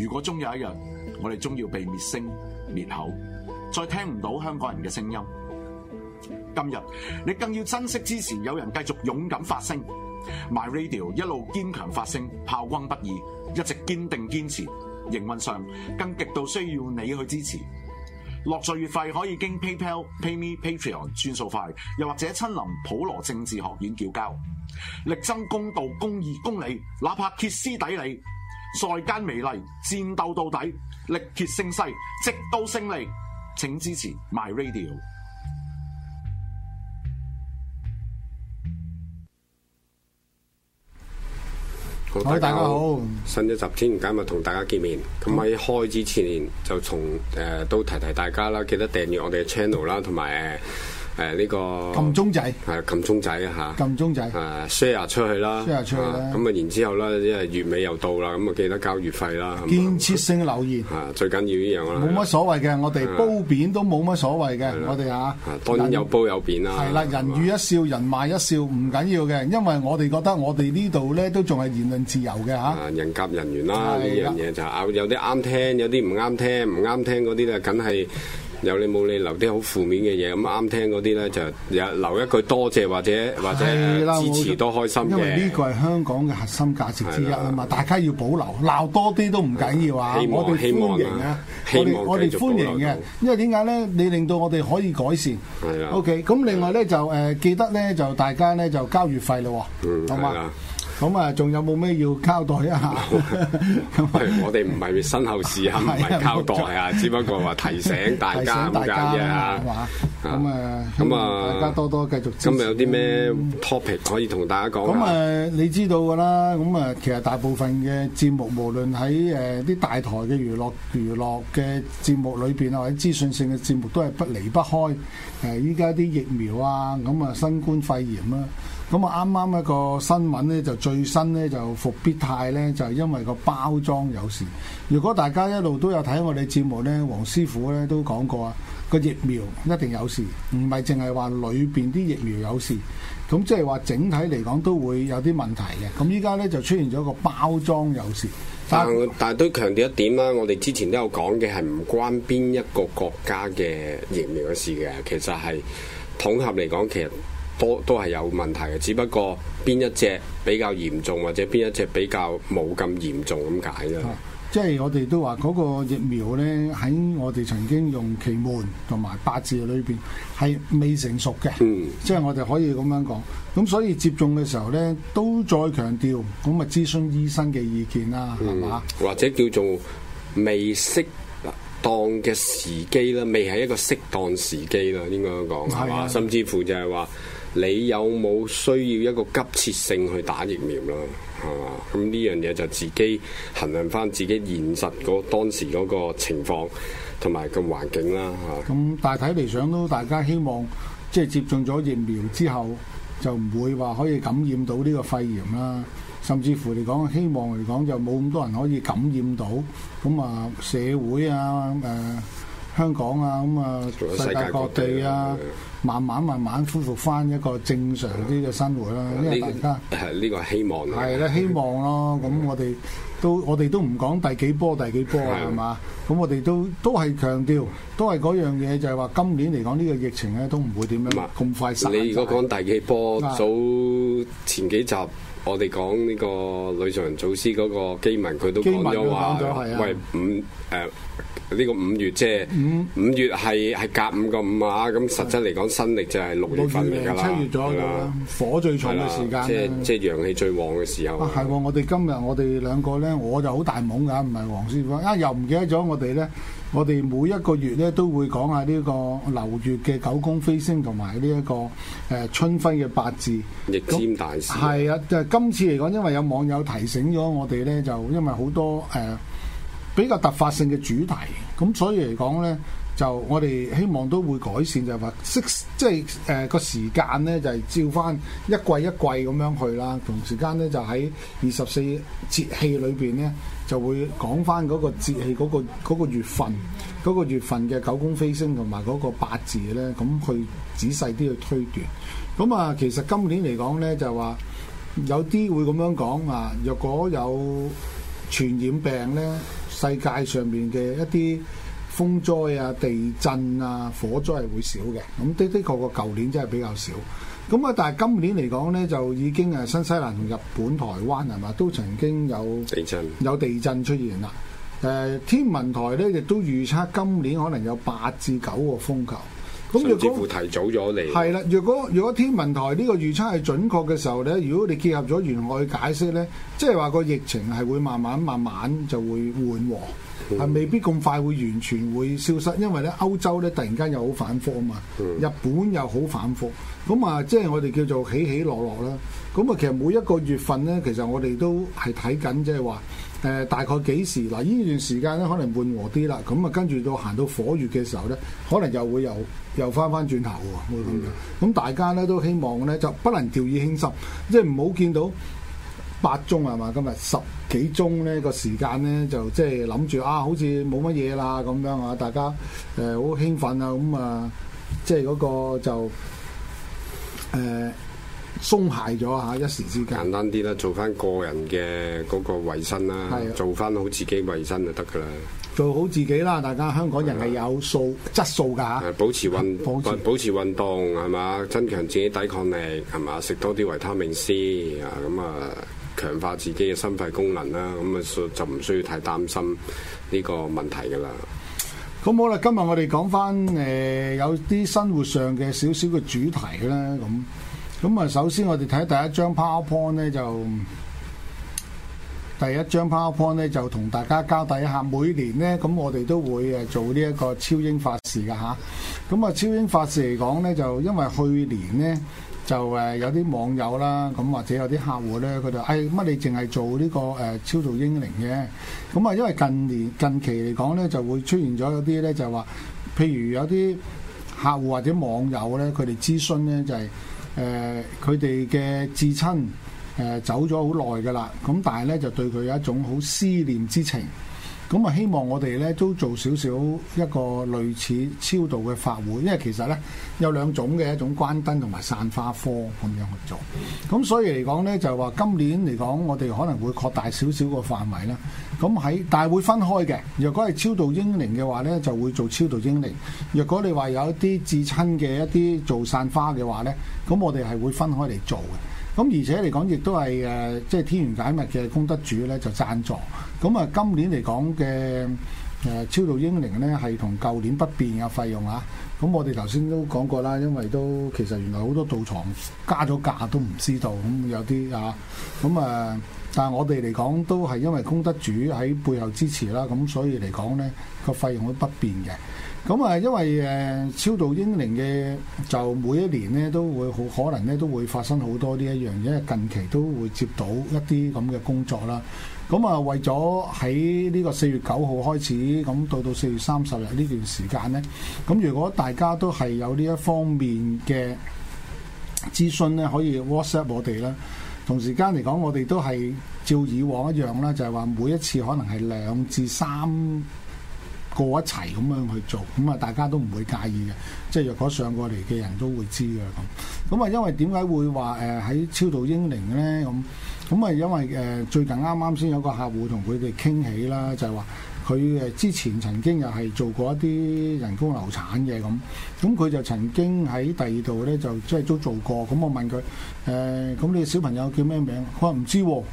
如果終有一日，我哋終要被滅聲滅口，再聽唔到香港人嘅聲音。今日你更要珍惜支持，有人繼續勇敢發聲，MyRadio 一路堅強發聲，炮轟不已，一直堅定堅持。營運上更極度需要你去支持。落座月費可以經 PayPal、PayMe、Patreon、轉數快，又或者親臨普羅政治學院叫交，力爭公道、公義、公理，哪怕歇斯底里。在艱未嚟，戰鬥到底，力竭聲勢，直到勝利，請支持 My Radio。好，大家，大家好，新一集天玄解密同大家見面，咁喺開始之前就從誒、呃、都提提大家啦，記得訂閱我哋嘅 channel 啦，同埋。呃誒呢個撳鐘仔，係撳鐘仔啊嚇！撳鐘仔，誒 share 出去啦，咁啊然之後咧，即係月尾又到啦，咁啊記得交月費啦。建設性留言啊，最緊要呢樣啦，冇乜所謂嘅，我哋褒貶都冇乜所謂嘅，我哋啊，當然有褒有貶啦。係啦，人語一笑，人罵一笑，唔緊要嘅，因為我哋覺得我哋呢度咧都仲係言論自由嘅嚇。人夾人緣啦，呢樣嘢就有啲啱聽，有啲唔啱聽，唔啱聽嗰啲咧，梗係。有你冇你留啲好負面嘅嘢咁。啱聽嗰啲咧，就有留一句多謝，或者或者的支持都開心嘅。因為呢個係香港嘅核心價值之一啊嘛，的大家要保留，鬧多啲都唔緊要啊！我哋們歡迎啊，我哋我哋歡迎嘅，因為點解咧？你令到我哋可以改善。係啊的。O K，咁另外咧的就誒、呃、記得咧就大家咧就交月費咯，同埋。咁啊，仲有冇咩要交代一下？咁 我哋唔係身後事啊唔係交代啊，沒錯笑只不過話提醒大家咁嘅嘢嚇。咁啊 大家多多繼續。今日有啲咩 topic 可以同大家講？咁啊 你知道㗎啦。咁啊，其實大部分嘅節目，無論喺誒啲大台嘅娛樂娛樂嘅節目裏邊啊，或者資訊性嘅節目，都係不離不開誒。依家啲疫苗啊，咁啊，新冠肺炎啊。咁啊，啱啱一個新聞咧，就最新咧，就復必泰咧，就係因為個包裝有事。如果大家一路都有睇我哋節目咧，黃師傅咧都講過啊，個疫苗一定有事，唔係淨係話裏邊啲疫苗有事，咁即係話整體嚟講都會有啲問題嘅。咁依家咧就出現咗個包裝有事。但係，但係都強調一點啦，我哋之前都有講嘅係唔關邊一個國家嘅疫苗嘅事嘅，其實係統合嚟講，其實。多都係有問題嘅，只不過邊一隻比較嚴重，或者邊一隻比較冇咁嚴重咁解啦。即係我哋都話嗰個疫苗咧，喺我哋曾經用奇門同埋八字裏邊係未成熟嘅。嗯，即係我哋可以咁樣講。咁所以接種嘅時候咧，都再強調咁啊，諮詢醫生嘅意見啦，係嘛、嗯？吧或者叫做未適當嘅時機啦，未係一個適當時機啦，應該講係嘛？啊、甚至乎就係話。你有冇需要一個急切性去打疫苗啦？係、啊、嘛？咁呢樣嘢就自己衡量返自己現實嗰當時嗰個情況同埋個環境啦。嚇、啊！咁大體嚟上都，大家希望即係接種咗疫苗之後，就唔會話可以感染到呢個肺炎啦。甚至乎嚟講，希望嚟講就冇咁多人可以感染到。咁啊，社會啊，誒、呃。香港啊，咁、嗯、啊，世界各地啊，慢慢慢慢恢復翻一個正常啲嘅生活啦、啊，的因為大家係呢個係希望嘅係啦，希望咯。咁、嗯、我哋都我哋都唔講第幾波第幾波係、啊、嘛？咁的我哋都都係強調，都係嗰樣嘢，就係話今年嚟講呢個疫情咧、啊、都唔會點樣，咁快散。你如果講第幾波早的前幾集？我哋講呢個呂長祖師嗰個基文，佢都講咗話，喂五誒呢、呃呢個五月，即係五月係係隔五個五啊！咁實質嚟講，新曆就係六月份嚟㗎啦。七月咗啦，火最重嘅時間，即係即係陽氣最旺嘅時候。係、啊、我哋今日我哋兩個咧，我就好大懵㗎，唔係黃師傅啊，又唔記得咗我哋咧。我哋每一個月咧都會講下呢個流月嘅九宮飛星同埋呢一個誒春分嘅八字，逆尖大師係啊！就是、今次嚟講，因為有網友提醒咗我哋咧，就因為好多誒、呃、比較突發性嘅主題，咁所以嚟講咧，就我哋希望都會改善，就係話即係誒個時間咧，就係、是、照翻一季一季咁樣去啦。同時間咧，就喺二十四節氣裏邊咧。就會講返嗰個節氣、嗰個嗰個月份、嗰個月份嘅九宮飛星同埋嗰個八字呢。咁去仔細啲去推斷。咁啊，其實今年嚟講呢，就話有啲會咁樣講啊。若果有傳染病呢，世界上面嘅一啲風災啊、地震啊、火災係會少嘅。咁的的確確舊年真係比較少。咁啊！但係今年嚟講呢，就已經係，新西蘭同日本、台灣係嘛，都曾經有地震，有地震出現啦。誒、呃，天文台呢亦都預測今年可能有八至九個風球。咁就似乎提早咗嚟係啦。如果如果天文台呢個預測係準確嘅時候咧，如果你結合咗沿海解釋咧，即係話個疫情係會慢慢慢慢就會緩和，係、嗯、未必咁快會完全會消失，因為咧歐洲咧突然間又好反覆啊嘛，日本又好反覆咁、嗯、啊，即、就、係、是、我哋叫做起起落落啦。咁啊，其實每一個月份咧，其實我哋都係睇緊，即係話。誒、呃、大概幾時嗱？呢段時間咧可能緩和啲啦，咁啊跟住到行到火月嘅時候咧，可能又會又又翻翻轉頭喎。咁、嗯嗯嗯、大家咧都希望咧就不能掉以輕心，即係唔好見到八宗係嘛，今日十幾宗呢，嗰個時間咧就即係諗住啊，好似冇乜嘢啦咁樣啊，大家誒好、呃、興奮啊，咁啊即係嗰個就誒。呃鬆懈咗吓，一時之間簡單啲啦，做翻個人嘅嗰個衞生啦，的做翻好自己衞生就得噶啦，做好自己啦，大家香港人係有素的質素噶，保持運保持，保持運動係嘛，增強自己抵抗力係嘛，食多啲維他命 C 啊咁啊，強化自己嘅心肺功能啦，咁啊，啊就唔需要太擔心呢個問題噶啦。咁好啦，今日我哋講翻誒、呃、有啲生活上嘅少少嘅主題啦，咁。咁啊，首先我哋睇第一張 PowerPoint 咧，就第一張 PowerPoint 咧，就同大家交代一下，每年咧，咁我哋都會誒做呢一個超英法事嘅吓，咁啊，超英法事嚟講咧，就因為去年咧，就誒有啲網友啦，咁或者有啲客戶咧，佢就誒乜你淨係做呢個誒超度英靈嘅？咁啊，因為近年近期嚟講咧，就會出現咗有啲咧就話，譬如有啲客戶或者網友咧，佢哋諮詢咧就係、是。誒，佢哋嘅至親誒走咗好耐㗎啦，咁但係咧就對佢有一種好思念之情。咁啊，希望我哋呢都做少少一個類似超度嘅法會，因為其實呢有兩種嘅，一種關燈同埋散花科咁樣去做。咁所以嚟講呢，就係話今年嚟講，我哋可能會擴大少少個範圍啦。咁喺但係會分開嘅。若果係超度英靈嘅話呢，就會做超度英靈。若果你話有一啲至親嘅一啲做散花嘅話呢，咁我哋係會分開嚟做嘅。咁而且嚟講，亦都係誒、呃，即係天玄解密嘅功德主咧，就贊助。咁、嗯、啊，今年嚟講嘅誒、呃、超度英靈咧，係同舊年不變嘅費用啊。咁、嗯、我哋頭先都講過啦，因為都其實原來好多道場加咗價都唔知道，咁、嗯、有啲啊。咁、嗯、啊、呃，但係我哋嚟講都係因為功德主喺背後支持啦，咁、嗯、所以嚟講咧，個費用都不變嘅。咁啊，因為誒超度英靈嘅，就每一年咧都會好可能咧都會發生好多呢一樣嘢，因為近期都會接到一啲咁嘅工作啦。咁啊，為咗喺呢個四月九號開始，咁到到四月三十日呢段時間咧，咁如果大家都係有呢一方面嘅資訊咧，可以 WhatsApp 我哋啦。同時間嚟講，我哋都係照以往一樣啦，就係話每一次可能係兩至三過一齊咁樣去做，咁啊大家都唔會介意嘅，即係若果上過嚟嘅人都會知嘅咁。咁啊，因為點解會話誒喺超度英靈咧？咁咁啊，因為誒最近啱啱先有個客戶同佢哋傾起啦，就係話佢誒之前曾經又係做過一啲人工流產嘅咁。咁佢就曾經喺第二度咧就即係都做過。咁我問佢誒，咁、呃、你小朋友叫咩名？佢話唔知喎、啊。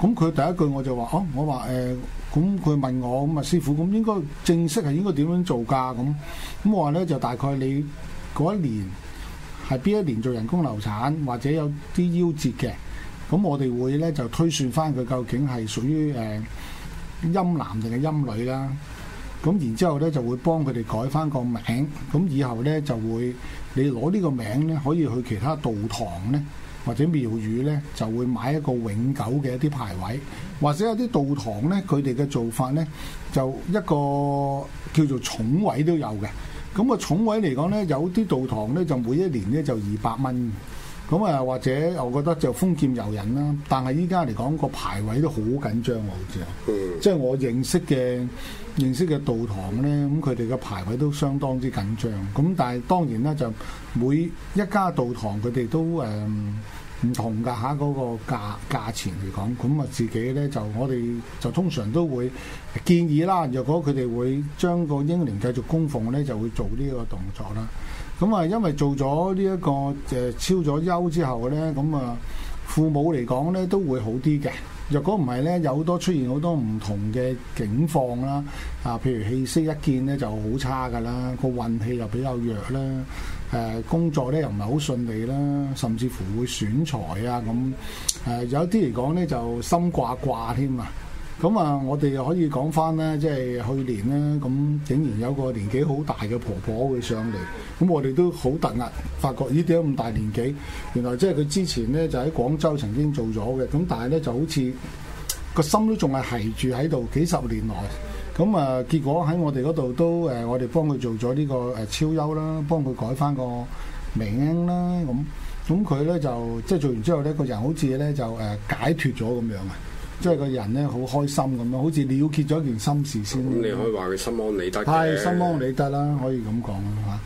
咁佢第一句我就話，哦，我話誒。呃咁佢問我咁啊，師傅，咁應該正式係應該點樣做㗎？咁咁我話咧就大概你嗰一年係邊一年做人工流產或者有啲夭折嘅，咁我哋會咧就推算翻佢究竟係屬於誒、呃、陰男定係陰女啦。咁然之後咧就會幫佢哋改翻個名，咁以後咧就會你攞呢個名咧可以去其他道堂咧。或者廟宇呢就會買一個永久嘅一啲牌位，或者有啲道堂呢，佢哋嘅做法呢，就一個叫做重位都有嘅。咁個重位嚟講呢，有啲道堂呢，就每一年呢，就二百蚊。咁啊，或者我覺得就封劍遊人啦，但係依家嚟講個排位都好緊張喎，好似，即係我認識嘅認識嘅道堂呢，咁佢哋嘅排位都相當之緊張。咁但係當然啦，就每一家道堂佢哋都誒唔同㗎，嚇嗰個價價錢嚟講，咁啊自己呢，就我哋就通常都會建議啦。若果佢哋會將個英靈繼續供奉呢，就會做呢個動作啦。咁啊，因為做咗呢一個誒超咗休之後呢，咁啊父母嚟講呢都會好啲嘅。若果唔係呢，有好多出現好多唔同嘅境況啦，啊，譬如氣息一見呢就好差㗎啦，個運氣又比較弱啦，誒工作呢又唔係好順利啦，甚至乎會損財啊咁。誒有啲嚟講呢，就心掛掛添啊！咁啊、嗯，我哋又可以講翻咧，即係去年咧，咁竟然有個年紀好大嘅婆婆會上嚟，咁我哋都好突壓，發覺呢啲咁大年紀，原來即係佢之前咧就喺廣州曾經做咗嘅，咁但係咧就好似個心都仲係係住喺度幾十年來，咁啊結果喺我哋嗰度都誒，我哋幫佢做咗呢個誒超優啦，幫佢改翻個名啦，咁咁佢咧就即係做完之後咧，個人好似咧就誒解脫咗咁樣啊！即係個人咧，好開心咁樣，好似了結咗一件心事先。你可以話佢心安理得，心安理得啦，可以咁講嚇。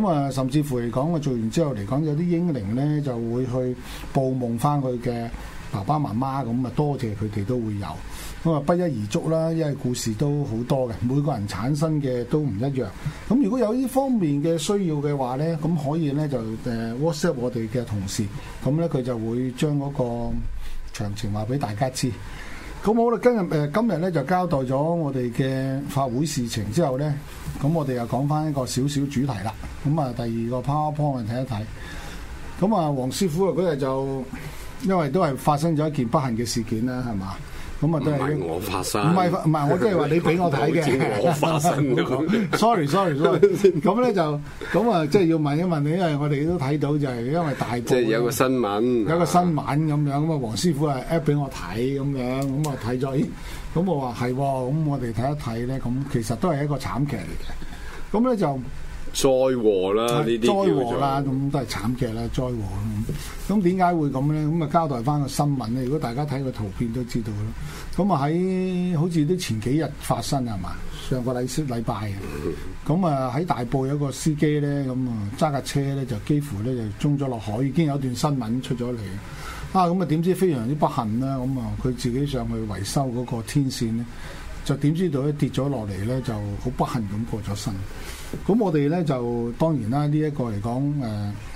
咁啊，啊，甚至乎嚟講，我做完之後嚟講，有啲英靈咧就會去報夢翻佢嘅爸爸媽媽咁啊，多謝佢哋都會有。咁啊，不一而足啦，因為故事都好多嘅，每個人產生嘅都唔一樣。咁啊，如果有呢方面嘅需要嘅話咧，咁可以咧就誒 WhatsApp 我哋嘅同事，咁咧佢就會將嗰個詳情話俾大家知。咁好啦，今日誒、呃、今日咧就交代咗我哋嘅法會事情之後咧，咁我哋又講翻一個少少主題啦。咁啊，第二個 PowerPoint 睇一睇。咁啊，黃師傅啊嗰日就因為都係發生咗一件不幸嘅事件啦，係嘛？咁啊，都係我發生。唔係唔係，我即係話你俾我睇嘅。我發生 sorry sorry sorry, sorry。 咁咧就咁啊，即係要問一問，你因為我哋都睇到就係因為大。即係有個新聞。有個新聞咁樣，咁啊，黃師傅啊 app 俾我睇咁樣，咁啊睇咗。咁我話係，咁、哦、我哋睇一睇咧，咁其實都係一個慘劇嚟嘅。咁咧就。災禍啦，呢啲咁嘅就咁都係慘劇啦，災禍咁。咁點解會咁咧？咁啊交代翻個新聞咧。如果大家睇個圖片都知道咯。咁啊喺好似啲前幾日發生係嘛？上個禮禮拜嘅。咁啊喺大埔有個司機咧，咁啊揸架車咧就幾乎咧就衝咗落海。已經有段新聞出咗嚟。啊咁啊點知非常之不幸啦！咁啊佢自己上去維修嗰個天線咧，就點知道咧跌咗落嚟咧就好不幸咁過咗身。咁我哋咧就當然啦，呢、這、一個嚟講，誒、呃、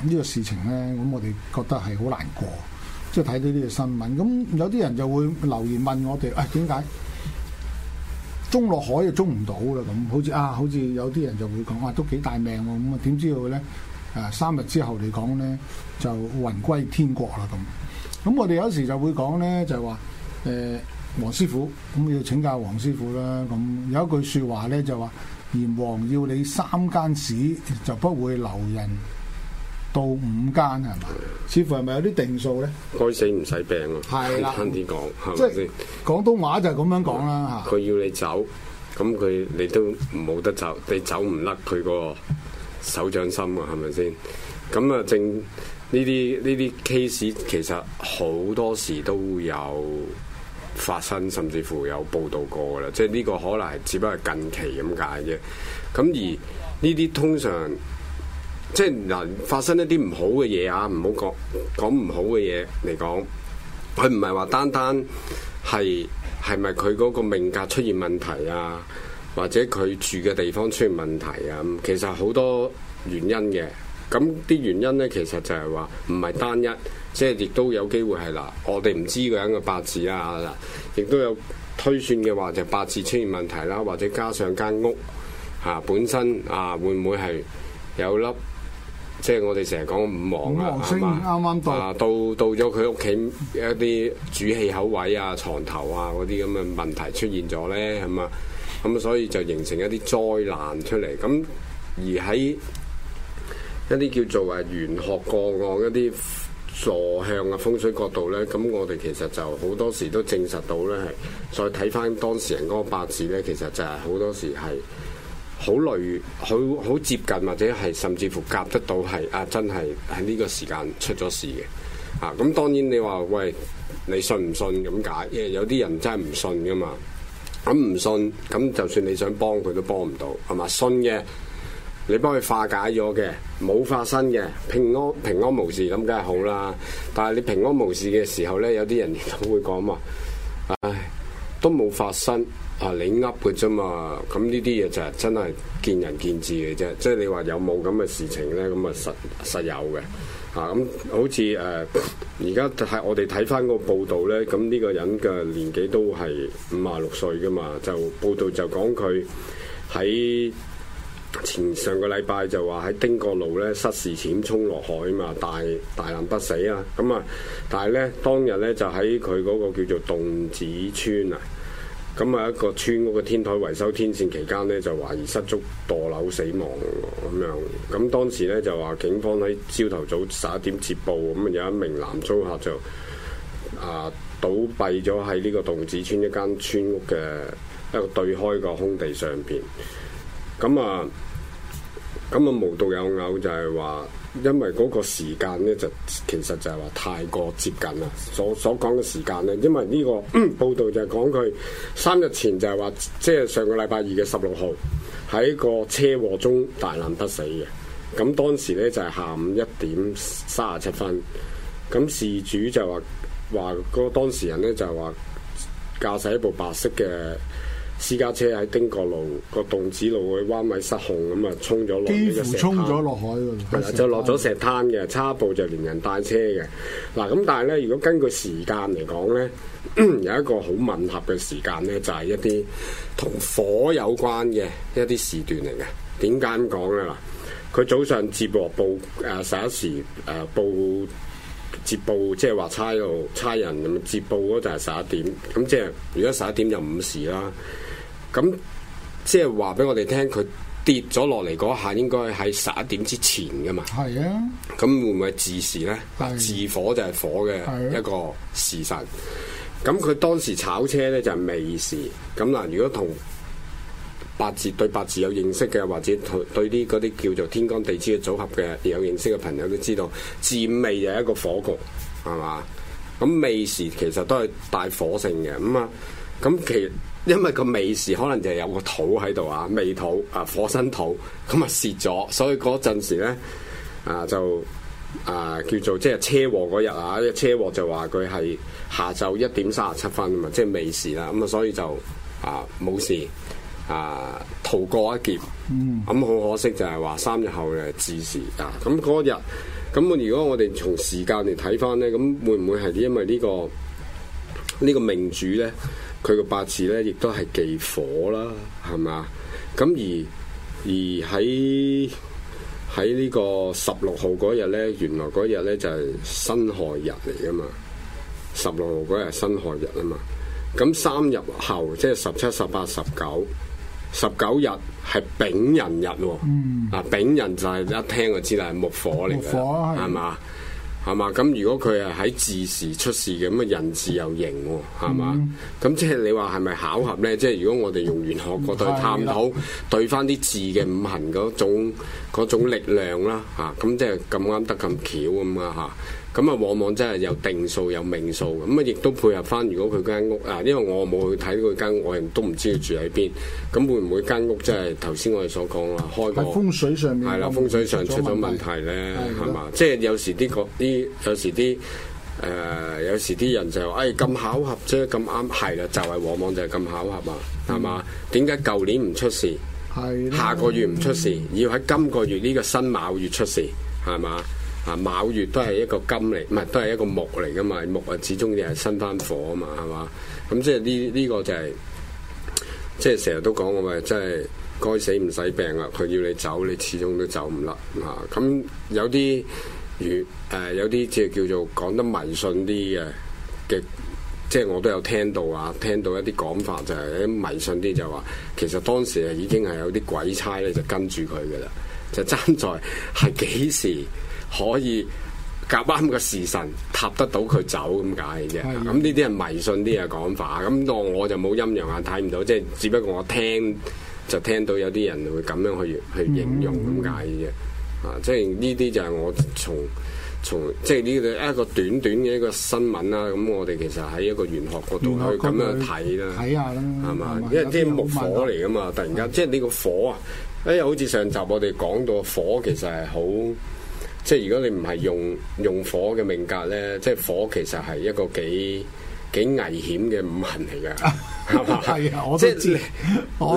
呢、這個事情咧，咁我哋覺得係好難過，即係睇到呢個新聞。咁有啲人就會留言問我哋，誒點解？中落海就中唔到啦，咁好似啊，好似有啲人就會講話、啊、都幾大命喎、啊，咁啊點知道咧？誒、啊、三日之後嚟講咧，就魂歸天國啦，咁。咁我哋有時就會講咧，就係話誒黃師傅，咁要請教黃師傅啦。咁有一句説話咧，就話。閻王要你三更死，就不會留人到五更係嘛？似乎係咪有啲定數咧？該死唔使病啊！係啦的，慳啲講係咪先？廣東話就係咁樣講啦嚇。佢、嗯、要你走，咁佢你都冇得走，你走唔甩佢個手掌心啊？係咪先？咁啊，正呢啲呢啲 case 其實好多時都有。發生甚至乎有報導過嘅啦，即係呢個可能係只不過係近期咁解啫。咁而呢啲通常即係嗱，發生一啲唔好嘅嘢啊，唔好講講，唔好嘅嘢嚟講，佢唔係話單單係係咪佢嗰個命格出現問題啊，或者佢住嘅地方出現問題啊，其實好多原因嘅。咁啲原因咧，其實就係話唔係單一，即係亦都有機會係嗱，我哋唔知嘅一個八字啊，嗱，亦都有推算嘅話就八字出現問題啦，或者加上間屋嚇、啊、本身啊會唔會係有粒即係我哋成日講五黃星啊，啱啱到到咗佢屋企一啲主氣口位啊、床頭啊嗰啲咁嘅問題出現咗咧，咁啊，咁所以就形成一啲災難出嚟，咁而喺一啲叫做話玄學個案，一啲坐向啊、風水角度咧，咁我哋其實就好多時都證實到咧，係再睇翻當事人個八字咧，其實就係好多時係好類好好接近，或者係甚至乎夾得到係啊！真係喺呢個時間出咗事嘅啊！咁當然你話喂，你信唔信咁解？因為有啲人真係唔信噶嘛。咁唔信咁，就算你想幫佢都幫唔到，係嘛？信嘅。你幫佢化解咗嘅，冇發生嘅，平安平安無事咁，梗係好啦。但係你平安無事嘅時候咧，有啲人亦都會講話，唉，都冇發生啊，你呃嘅啫嘛。咁呢啲嘢就係真係見仁見智嘅啫。即係你話有冇咁嘅事情咧？咁啊實實有嘅嚇。咁、啊嗯、好似誒，而家就係我哋睇翻個報道咧，咁呢個人嘅年紀都係五啊六歲噶嘛。就報道就講佢喺。前上個禮拜就話喺汀角路咧失事潛沖落海啊嘛，大大難不死啊！咁、嗯、啊，但係咧當日咧就喺佢嗰個叫做洞子村啊，咁、嗯、啊一個村屋嘅天台維修天線期間咧就懷疑失足墮樓死亡咁樣。咁、嗯、當時咧就話警方喺朝頭早十一點接報，咁、嗯、啊有一名男租客就啊倒閉咗喺呢個洞子村一間村屋嘅一個對開個空地上邊。咁啊，咁啊、嗯嗯，無獨有偶就係話，因為嗰個時間咧，就其實就係話太過接近啦。所所講嘅時間咧，因為呢、這個報道就係講佢三日前就係話，即、就、係、是、上個禮拜二嘅十六號喺個車禍中大難不死嘅。咁當時咧就係下午一點三十七分，咁事主就話話個當事人咧就係話駕駛一部白色嘅。私家車喺丁角路個洞子路嘅彎位失控咁啊，衝沖咗落。幾乎沖咗落海喎。係啦，就落咗石灘嘅，差一步就連人帶車嘅。嗱、啊、咁，但係咧，如果根據時間嚟講咧，有一個好吻合嘅時間咧，就係、是、一啲同火有關嘅一啲時段嚟嘅。點解咁講咧？嗱，佢早上接報報誒十一時誒報、呃、接報，即係話差路差人咁接報嗰陣係十一點，咁、就是、即係如果十一點就午時啦。咁即係話俾我哋聽，佢跌咗落嚟嗰下，應該喺十一點之前噶嘛？係啊的。咁會唔會巳時咧？的巳火就係火嘅一個時辰。咁佢的當時炒車咧就係、是、未時。咁嗱，如果同八字對八字有認識嘅，或者對啲嗰啲叫做天干地支嘅組合嘅有認識嘅朋友都知道，巳未就係一個火局，係嘛？咁未時其實都係帶火性嘅。咁啊，咁其。因為個未時可能就係有個土喺度啊，未土啊，火生土咁啊蝕咗，所以嗰陣時咧啊就啊叫做即係、就是、車禍嗰日啊，車禍就話佢係下晝一點三十七分啊嘛，即係未時啦，咁、嗯、啊所以就啊冇事啊逃過一劫，咁、嗯、好、嗯、可惜就係話三日後嘅自是時啊，咁、那、嗰、個、日咁如果我哋從時間嚟睇翻咧，咁會唔會係因為、這個這個、名主呢個呢個命主咧？佢個八字咧，亦都係忌火啦，係咪？咁而而喺喺呢個十六號嗰日咧，原來嗰日咧就係、是、辛亥日嚟噶嘛。十六號嗰日係辛亥日啊嘛。咁三日後，即係十七、十八、十九，十九日係丙寅日喎，哦。啊、嗯，丙寅就係一聽就知啦，係木火嚟㗎，係嘛火？吧係嘛？咁如果佢係喺字時出事嘅，咁啊人字又型喎、哦，係嘛？咁、嗯、即係你話係咪巧合咧？即係如果我哋用玄學角度探討、嗯、對翻啲字嘅五行嗰種嗰種力量啦，嚇咁即係咁啱得咁巧咁啊嚇。咁啊，往往真係有定數有命數咁啊，亦都配合返。如果佢間屋啊，因為我冇去睇佢間屋，我亦都唔知佢住喺邊。咁會唔會間屋真係頭先我哋所講啦？開過喺風水上面係啦的，風水上出咗問題咧，係嘛？即係、就是、有時啲個啲，有時啲誒、呃，有時啲人就誒咁、哎、巧合啫，咁啱係啦，就係、是、往往就係咁巧合啊，係嘛？點解舊年唔出事？係的下個月唔出事，嗯、要喺今個月呢個新卯月出事，係嘛？啊卯月都係一個金嚟，唔係都係一個木嚟噶嘛？木啊，始終亦係生翻火啊嘛，係嘛？咁即係呢呢個就係，即係成日都講我話，即係該死唔使病啊！佢要你走，你始終都走唔甩啊！咁有啲月誒，有啲即係叫做講得迷信啲嘅嘅，即係我都有聽到啊！聽到一啲講法就係迷信啲就話，其實當時啊已經係有啲鬼差咧就跟住佢噶啦，就爭在係幾時。可以夾啱個時辰，踏得到佢走咁解嘅啫。咁呢啲係迷信啲嘅講法。咁我我就冇陰陽眼睇唔到，即係只不過我聽就聽到有啲人會咁樣去去應用咁解啫。嗯嗯啊，即係呢啲就係我從從即係呢個一個短短嘅一個新聞啦。咁我哋其實喺一個玄學嗰度去咁樣睇啦，睇下啦，係嘛？因為啲木火嚟噶嘛，突然間即係呢個火啊！哎好似上集我哋講到火其實係好。即係如果你唔係用用火嘅命格咧，即係火其實係一個幾幾危險嘅五行嚟㗎。係啊！即係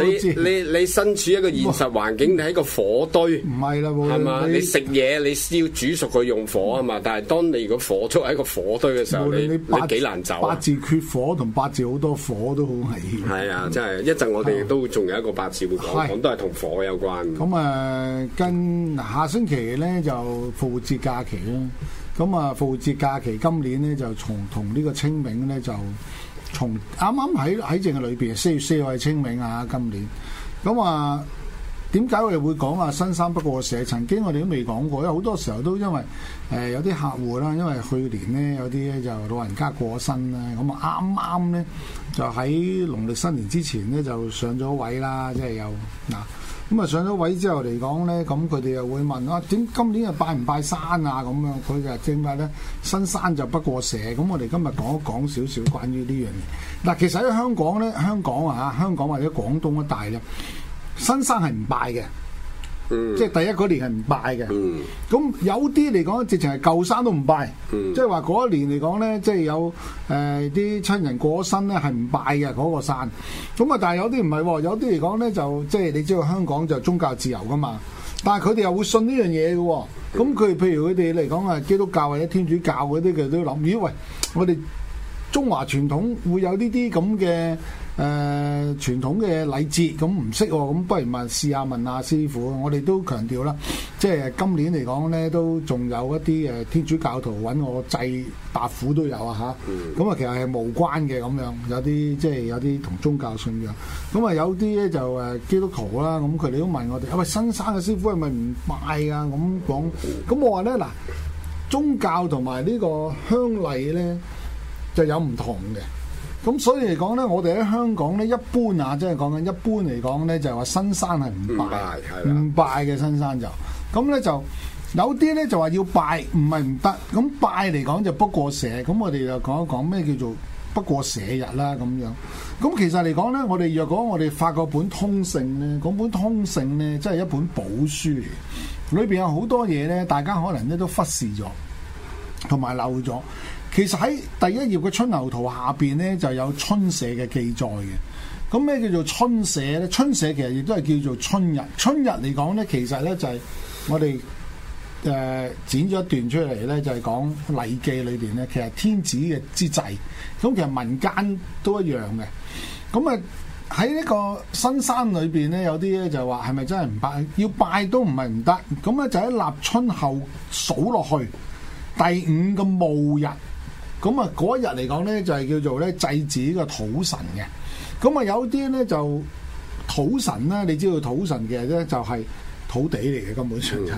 你，你你身處一個現實環境，你一個火堆，唔係啦，係嘛？你食嘢，你燒煮熟佢用火啊嘛。但係當你如火速出一個火堆嘅時候，你你幾難走？八字缺火同八字好多火都好危險。係啊，真係一陣我哋都仲有一個八字會講，都係同火有關。咁啊，跟下星期咧就復活節假期啦。咁啊，復活節假期今年咧就從同呢個清明咧就。從啱啱喺喺正嘅裏邊，四月四號係清明啊，今年咁啊，點解我哋會講啊新山不遇社日？曾經我哋都未講過，因為好多時候都因為誒、呃、有啲客戶啦，因為去年咧有啲咧就老人家過身啦，咁啊啱啱咧就喺農曆新年之前咧就上咗位啦，即係有嗱。咁啊上咗位之後嚟講呢，咁佢哋又會問啊，點今年又拜唔拜山啊？咁樣佢就正話呢，新山就不過社。咁我哋今日講一講少少關於呢樣嘢。嗱，其實喺香港呢，香港啊，香港或、啊、者、啊、廣東一帶咧，新山係唔拜嘅。即係第一嗰年係唔拜嘅，咁、嗯、有啲嚟講，直情係舊山都唔拜，嗯、即係話嗰一年嚟講咧，即係有誒啲親人過咗身咧，係唔拜嘅嗰個山。咁啊，但係有啲唔係，有啲嚟講咧就即係你知道香港就宗教自由噶嘛，但係佢哋又會信呢樣嘢嘅。咁佢、嗯、譬如佢哋嚟講啊，基督教或者天主教嗰啲，佢哋都諗，咦喂，我哋中華傳統會有呢啲咁嘅。誒、呃、傳統嘅禮節咁唔識喎，咁不、哦、不如問試下問下師傅。我哋都強調啦，即係今年嚟講咧，都仲有一啲誒天主教徒揾我祭白虎都有啊吓，咁啊，其實係無關嘅咁樣，有啲即係有啲同宗教信仰。咁啊，有啲咧就誒基督徒啦，咁佢哋都問我哋，喂，新生嘅師傅係咪唔拜啊？咁講。咁我話咧嗱，宗教同埋呢個鄉禮咧就有唔同嘅。咁所以嚟講呢，我哋喺香港呢，一般啊，即係講緊一般嚟講呢，就係話新山係唔拜，唔拜嘅新山就，咁呢，就有啲呢，就話要拜，唔係唔得，咁拜嚟講就不過社，咁我哋就講一講咩叫做不過社日啦，咁樣。咁其實嚟講呢，我哋若果我哋發個本通勝呢，嗰本通勝呢，即係一本寶書嚟，裏邊有好多嘢呢，大家可能呢都忽視咗，同埋漏咗。其實喺第一頁嘅春牛圖下邊咧，就有春社嘅記載嘅。咁咩叫做春社咧？春社其實亦都係叫做春日。春日嚟講咧，其實咧就係我哋誒、呃、剪咗一段出嚟咧，就係、是、講禮記裏邊咧，其實天子嘅之祭。咁其實民間都一樣嘅。咁啊喺呢個新山裏邊咧，有啲咧就話係咪真係唔拜？要拜都唔係唔得。咁咧就喺立春後數落去第五個戊日，咁啊，嗰一日嚟講咧，就係、是、叫做咧祭祀呢個土神嘅。咁啊，有啲咧就土神咧，你知道土神其實咧就係土地嚟嘅，根本上就係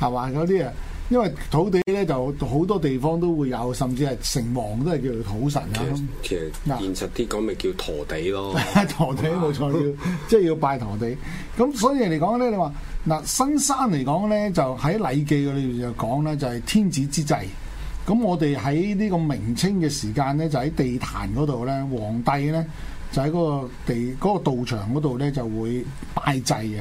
係嘛嗰啲啊，因為土地咧就好多地方都會有，甚至係城隍都係叫做土神啊。其實，其實現實啲講咪叫陀地咯， 陀地冇錯咯，即係 要、就是、要拜陀地。咁所以嚟講咧，你話嗱新山嚟講咧，就喺《禮記》裏邊就講咧，就係天子之祭。咁我哋喺呢個明清嘅時間呢，就喺地壇嗰度呢，皇帝呢，就喺嗰個地嗰個道場嗰度呢，就會拜祭嘅。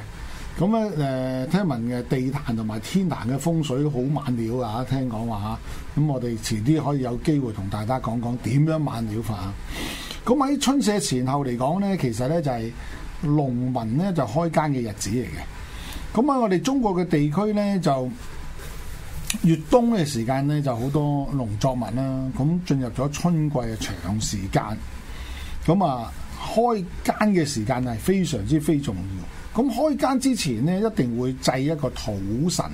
咁咧誒，聽聞嘅地壇同埋天壇嘅風水好猛料啊！聽講話吓，咁我哋遲啲可以有機會同大家講講點樣猛料法。咁喺春社前後嚟講呢，其實呢就係農民呢，就開耕嘅日子嚟嘅。咁喺我哋中國嘅地區呢，就。越冬嘅時間呢，就好多農作物啦，咁、嗯、進入咗春季嘅長時間，咁、嗯、啊開耕嘅時間係非常之非重要。咁、嗯、開耕之前呢，一定會祭一個土神，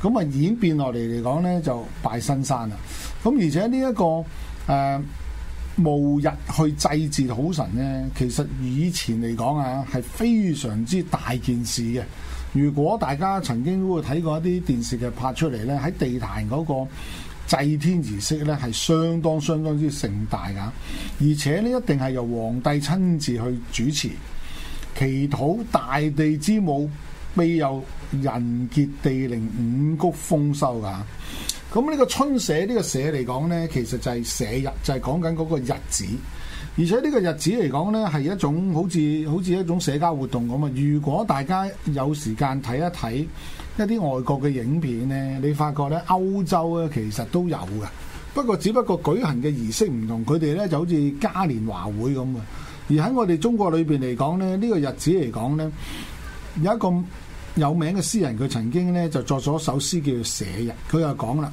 咁、嗯、啊演變落嚟嚟講呢，就拜新山啦。咁、嗯、而且呢、這、一個誒，呃、戊日去祭祀土神呢，其實以前嚟講啊係非常之大件事嘅。如果大家曾經都會睇過一啲電視劇拍出嚟呢，喺地壇嗰個祭天儀式呢，係相當相當之盛大噶，而且呢，一定係由皇帝親自去主持，祈禱大地之母，庇佑人傑地靈，五穀豐收噶。咁呢個春社呢、呢個社嚟講呢，其實就係社日，就係、是、講緊嗰個日子。而且呢個日子嚟講呢係一種好似好似一種社交活動咁啊！如果大家有時間睇一睇一啲外國嘅影片呢，你發覺呢，歐洲呢其實都有嘅，不過只不過舉行嘅儀式唔同，佢哋呢就好似嘉年華會咁啊！而喺我哋中國裏邊嚟講呢呢、這個日子嚟講呢有一個有名嘅詩人，佢曾經呢就作咗首詩叫做《社日》，佢又講啦：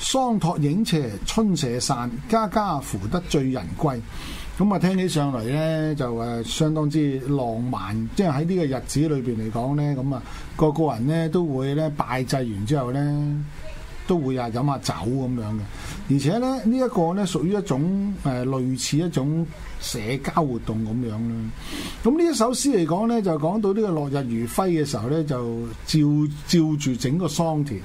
桑柘影斜春社散，家家扶得醉人歸。咁啊，聽起上嚟呢，就誒相當之浪漫，即係喺呢個日子裏邊嚟講呢，咁啊個個人呢都會呢，拜祭完之後呢，都會啊飲下酒咁樣嘅。而且呢，呢一個呢，屬於一種誒類似一種社交活動咁樣啦。咁呢一首詩嚟講呢，就講到呢、呢個落日餘暉嘅時候呢，就照照住整個桑田，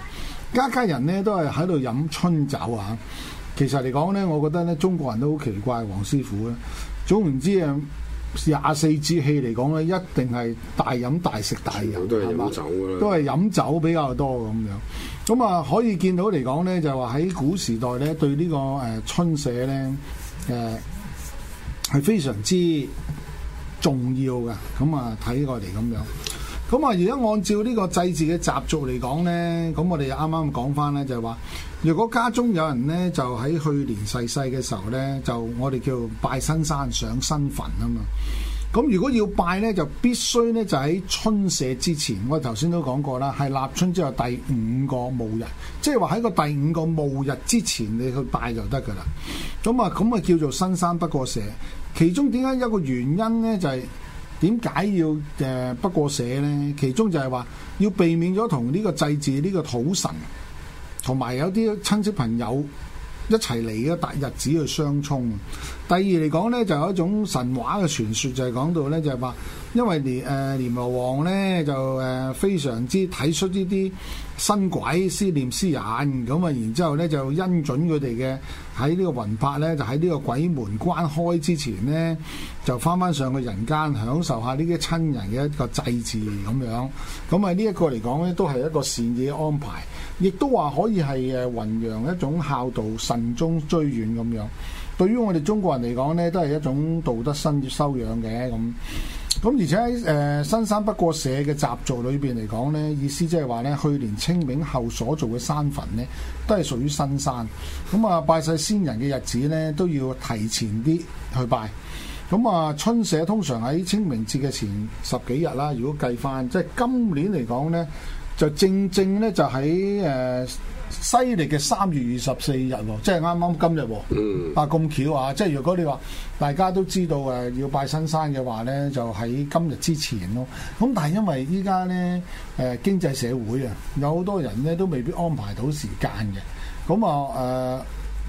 家家人呢，都係喺度飲春酒啊！其實嚟講咧，我覺得咧，中國人都好奇怪黃師傅咧。總言之啊，廿四節氣嚟講咧，一定係大飲大食大飲，係嘛？都係飲酒比較多咁樣。咁啊，可以見到嚟講咧，就係話喺古時代咧，對呢個誒春社咧，誒、呃、係非常之重要嘅。咁啊，睇過嚟咁樣。咁啊，而家按照個呢個祭祀嘅習俗嚟講咧，咁我哋啱啱講翻咧，就係話。如果家中有人呢，就喺去年逝世嘅時候呢，就我哋叫拜新山、上新墳啊嘛。咁如果要拜呢，就必須呢，就喺春社之前。我頭先都講過啦，係立春之後第五個戊日，即係話喺個第五個戊日之前，你去拜就得噶啦。咁啊，咁啊叫做新山不過社。其中點解一個原因呢，就係點解要誒不過社呢？其中就係話要避免咗同呢個祭祀呢、呢個土神。同埋有啲親戚朋友一齊嚟嘅大日子去相沖。第二嚟講呢，就有一種神話嘅傳説，就係講到呢，就係話，因為連誒閻羅、呃、王呢，就誒、呃、非常之睇出呢啲新鬼思念先人咁啊，然之後呢，就恩準佢哋嘅喺呢個魂魄呢，就喺呢個鬼門關開之前呢，就翻翻上去人間享受下呢啲親人嘅一個祭祀。咁樣。咁啊呢一個嚟講呢都係一個善意嘅安排。亦都話可以係誒弘揚一種孝道慎終追遠咁樣，對於我哋中國人嚟講呢，都係一種道德身業修養嘅。咁。咁而且喺誒、呃、新山不過社嘅習俗裏邊嚟講呢，意思即係話呢，去年清明後所做嘅山墳呢，都係屬於新山。咁啊，拜曬先人嘅日子呢，都要提前啲去拜。咁啊，春社通常喺清明節嘅前十幾日啦。如果計返，即係今年嚟講呢。就正正咧，就喺誒西曆嘅三月二十四日喎、哦，即係啱啱今日喎、哦。嗯。啊，咁巧啊！即係如果你話大家都知道誒、啊、要拜新山嘅話咧，就喺今日之前咯、哦。咁但係因為依家咧誒經濟社會啊，有好多人咧都未必安排到時間嘅。咁啊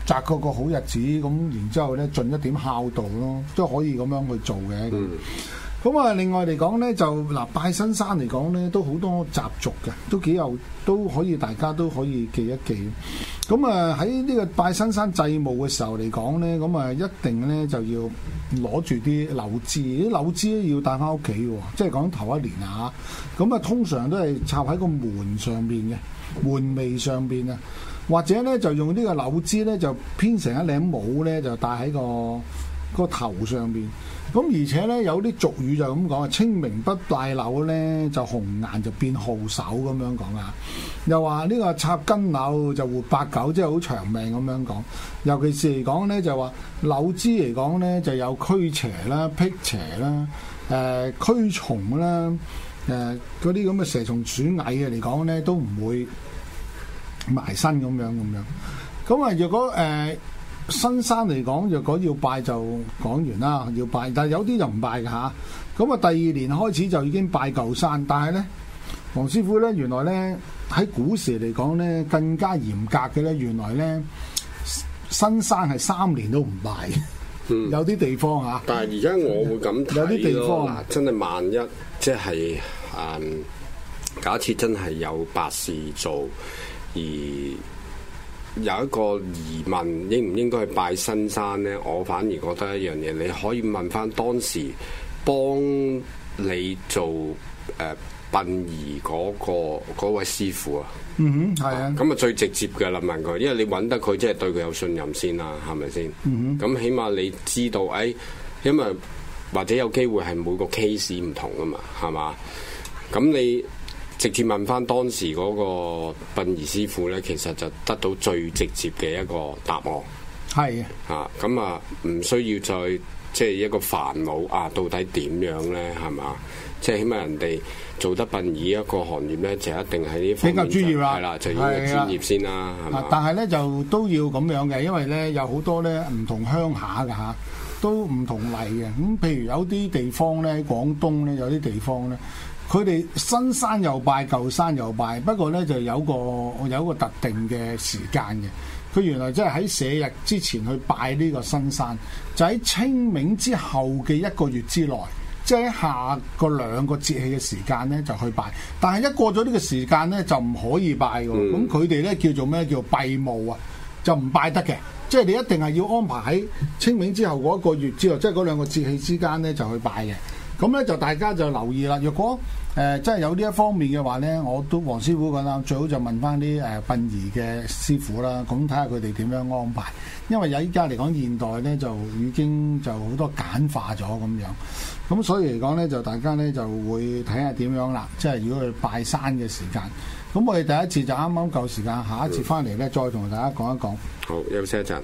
誒，擇、呃、個個好日子咁，然之後咧盡一點孝道咯，都可以咁樣去做嘅。嗯。咁啊，另外嚟講咧，就嗱拜新山嚟講咧，都好多習俗嘅，都幾有，都可以大家都可以記一記。咁啊喺呢個拜新山祭墓嘅時候嚟講咧，咁、嗯、啊一定咧就要攞住啲柳枝，啲柳枝咧要帶翻屋企喎，即係講頭一年啊咁啊通常都係插喺個門上邊嘅門楣上邊啊，或者咧就用呢個柳枝咧就編成一頂帽咧，就戴喺個個頭上邊。咁而且咧有啲俗語就咁講啊，清明不帶柳咧，就紅顏就變皓首」。咁樣講啦。又話呢個插根柳就活八九，即係好長命咁樣講。尤其是嚟講咧，就話柳枝嚟講咧，就有驅邪啦、辟邪啦、誒、呃、驅蟲啦、誒嗰啲咁嘅蛇蟲鼠蟻嘅嚟講咧，都唔會埋身咁樣咁樣。咁啊，若果誒。呃新山嚟講，若果要拜就講完啦，要拜，但係有啲就唔拜嘅吓。咁啊，第二年開始就已經拜舊山，但係咧，黃師傅咧，原來咧喺古時嚟講咧，更加嚴格嘅咧，原來咧新山係三年都唔拜，嗯、有啲地方吓。但係而家我會咁睇，有啲地方啊，方啊真係萬一，即係誒，假設真係有白事做而。有一個疑問，應唔應該去拜新山呢？我反而覺得一樣嘢，你可以問翻當時幫你做誒殯儀嗰個嗰位師傅啊。嗯哼，係啊。咁啊、嗯、最直接嘅啦，問佢，因為你揾得佢，即係對佢有信任先啦、啊，係咪先？咁、嗯、哼起碼你知道誒、哎，因為或者有機會係每個 case 唔同啊嘛，係嘛？咁你。直接問翻當時嗰個殯儀師傅咧，其實就得到最直接嘅一個答案。係的啊，嚇咁啊，唔需要再即係一個煩惱啊，到底點樣咧？係嘛，即係起碼人哋做得殯儀一個行業咧，就一定係啲比較專業啦，係啦，就要專業先啦，係嘛的。吧但係咧，就都要咁樣嘅，因為咧有好多咧唔同鄉下㗎嚇，都唔同例嘅。咁譬如有啲地方咧，喺廣東咧，有啲地方咧。佢哋新山又拜，舊山又拜。不過呢，就有個有一個特定嘅時間嘅。佢原來即係喺社日之前去拜呢個新山，就喺清明之後嘅一個月之內，即係下個兩個節氣嘅時間呢就去拜。但係一過咗呢個時間呢，就唔可以拜㗎。咁佢哋呢叫做咩？叫做閉墓啊，就唔拜得嘅。即係你一定係要安排喺清明之後嗰一個月之內，即係嗰兩個節氣之間呢，就去拜嘅。咁咧就大家就留意啦。若果誒、呃、真係有呢一方面嘅話咧，我都黃師傅咁啦，最好就問翻啲誒殯儀嘅師傅啦，咁睇下佢哋點樣安排。因為喺依家嚟講現代咧，就已經就好多簡化咗咁樣。咁所以嚟講咧，就大家咧就會睇下點樣啦。即係如果去拜山嘅時間，咁我哋第一次就啱啱夠時間，下一次翻嚟咧再同大家講一講。好，休息一陣。